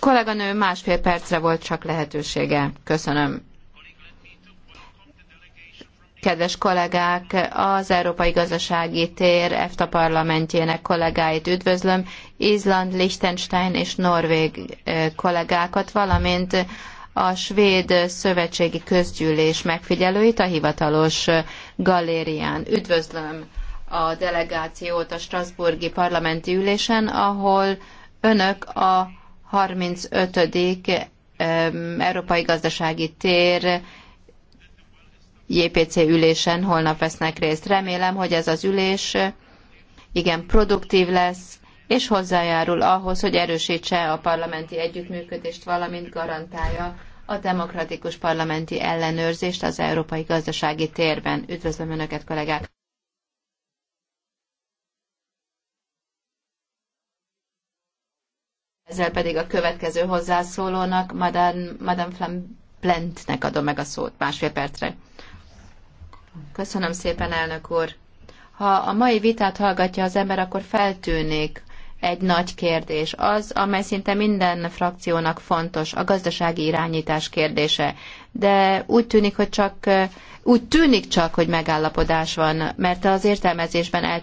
Kolléganő másfél percre volt csak lehetősége. Köszönöm. Kedves kollégák, az Európai Gazdasági Tér EFTA parlamentjének kollégáit üdvözlöm, Izland, Liechtenstein és Norvég kollégákat, valamint a svéd szövetségi közgyűlés megfigyelőit a hivatalos galérián. Üdvözlöm a delegációt a Strasburgi parlamenti ülésen, ahol Önök a 35. Európai Gazdasági Tér JPC ülésen holnap vesznek részt. Remélem, hogy ez az ülés igen produktív lesz, és hozzájárul ahhoz, hogy erősítse a parlamenti együttműködést, valamint garantálja a demokratikus parlamenti ellenőrzést az európai gazdasági térben. Üdvözlöm Önöket, kollégák! Ezzel pedig a következő hozzászólónak, Madame, Madame Flambentnek adom meg a szót másfél percre. Köszönöm szépen, elnök úr. Ha a mai vitát hallgatja az ember, akkor feltűnik egy nagy kérdés. Az, amely szinte minden frakciónak fontos, a gazdasági irányítás kérdése. De úgy tűnik, hogy csak, úgy tűnik csak, hogy megállapodás van, mert az értelmezésben el